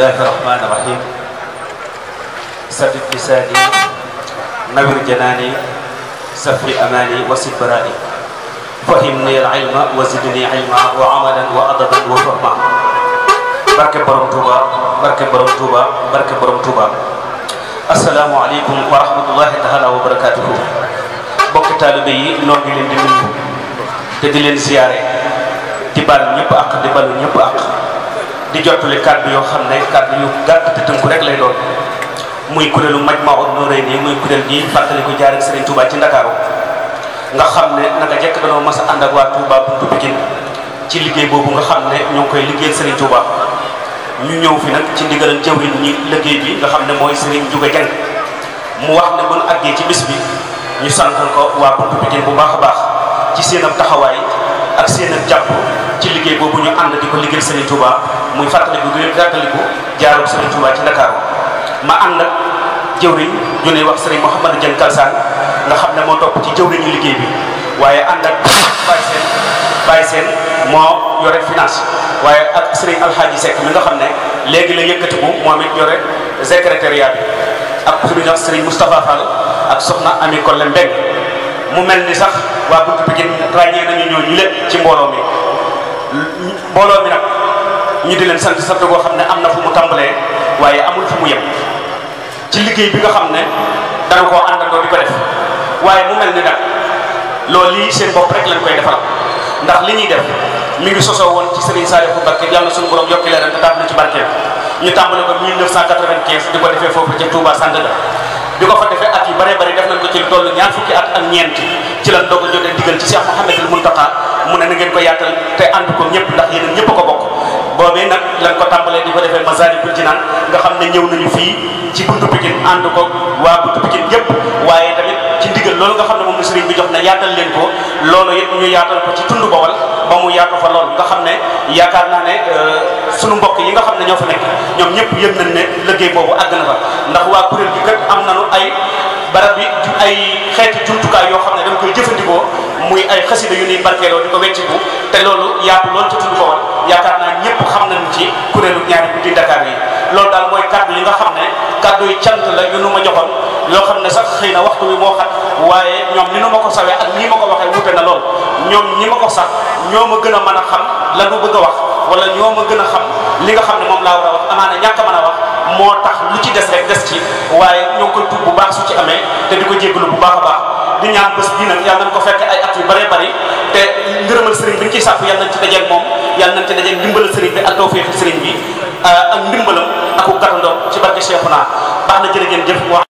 bismillahi rahmaani rahim sabit lisaani nawir janaani safi amaani wasil baraani fahimni al ilma wa zidni ilma wa amalan wa adaban wa fahma barke borom Tuuba barke borom Tuuba barke borom Tuuba asalaamu aleykum wa rahmatullahi taala wa barakatuhu bokk taalibe yi noo ngi leen di nuyu te di leen siyaare di baal ñëpp ak di balu ñëpp ak di jottali kàddu yoo xam ne kàddu yu gàtt te tënku rek lay doon muy kuréelu Majmahun Nurayni muy kuréel gi fàttali ko jaar ak Serigne ci Ndakaaru nga xam ne naka jekk danoo mas a ànd ak waa Touba buntu Pikine ci liggéey boobu nga xam ne ñoo ngi koy liggéeyal Serigne Touba ñu ñëw fi nag ci ndigalal jawriñ ñi liggéey bi nga xam ne mooy Serigne Juga Jeng mu wax ne bu ñu àggee ci bis bi ñu santal ko waa buntu Pikine bu baax a baax ci seenam ab taxawaay ak seen ak jàpp ci liggéey boobu ñu ànd di ko liggéeyal Serigne Touba muy fàttaliku di fàttaliku jaarul Serigne Touba ci Dakar ma ànd ak jëwriñ ñu ne wax Serigne Mouhamadou Dieng Kalsaan nga xam ne moo topp ci jëwriñu liggéey bi waaye ànd ak Baye Sène Baye moo yore finance waaye ak Serigne Alhaji Seck mi nga xam ne léegi la yëkkatiku moom it yore secrétariat bi ak ku ñuy wax Serigne Moustapha Fall ak Soxna Ami Kolle Mbeng mu mel ni sax waa bunt bi gën ràññee nañu ñoo ñu ci mbooloo mi mbooloo mi nag ñu di leen sant sant koo xam ne am na fu mu tàmbalee waaye amul fu mu yem ci liggéey bi nga xam ne dana koo àndandoo di ko def waaye mu mel ni nag loolu lii seen bopp rek lañ koy defal ndax li ñuy def mi ngi sosoo woon ci Serigne Saliou Mbacké yàlla na suñu borom yokki leen te na ci barkeem ñu tàmbale ko 1995 di ko defee foofu ca Touba bi ko fa defee at yi bëree bëri def nañ ko ci lu toll ñaar fukki at ak ñeenti ci lan doog a jotee digal ci Cheikh Mouhamadul Mountakha mu ne na ngeen ko yaatal te ànd ko ñëpp ndax yéen ko bokk boobee nag lan ko tàmbalee di ko defee Masaalikul Jinaan nga xam ne ñëw nañu fii ci buntu Pikine ànd ko waa buntu Pikine yëpp waaye tamit ci ndigal loolu nga xam ne moom la sëriñ bi jox na yaatal leen ko loolu it ñu yaatal ko ci tund Bawol yaa ko fa lool nga xam ne yaakaar naa ne euh, sunu mbokk yi nga xam ne ñoo fa nekk ñoom ñëpp yëg nañ ne liggéey boobu àgg na fa ndax waa kuréel bi kat am nañu ay barab yi ay xeeti jumtukaay yoo xam ne dañ koy jëfandikoo muy ay xasida yu ñuy barkeeloo di ko wecciku te loolu yaatu loolu ci tudd ko woon yaakaar naa ñëpp xam nañu ci kuréelu ñaari guddi Dakar yi loolu daal mooy kàddu yi nga xam ne kàddu yi cant la yu nu ma joxoon loo xam ne sax xëy na waxtu bi moo xat waaye ñoom ni nu ma ko sawee ak waxee wute na lool ñoom ñi ma ko sax ñoo ma gën a mën a xam la nu bëgg a wax wala ñoo ma gën a xam li nga xam ne moom laa war a wax amaana ñàkk a mën a wax moo tax lu ci des rek des ci waaye ñoo ngi koy tuub bu baax su ci amee te di ko jéggalu bu baax a baax di ñaan bés bii nag yàlla nañ ko fekk ay at yu bëree bari te ngërëmal sëriñ bi ñu ciy sàpp yàlla nañ ci dajeeg moom yàlla nañ ci dajeeg ndimbalal sëriñ bi ak tawfeexu sëriñ bi ak ndimbalam ak gàttandoom ci barke Cheikhouna baax na jërë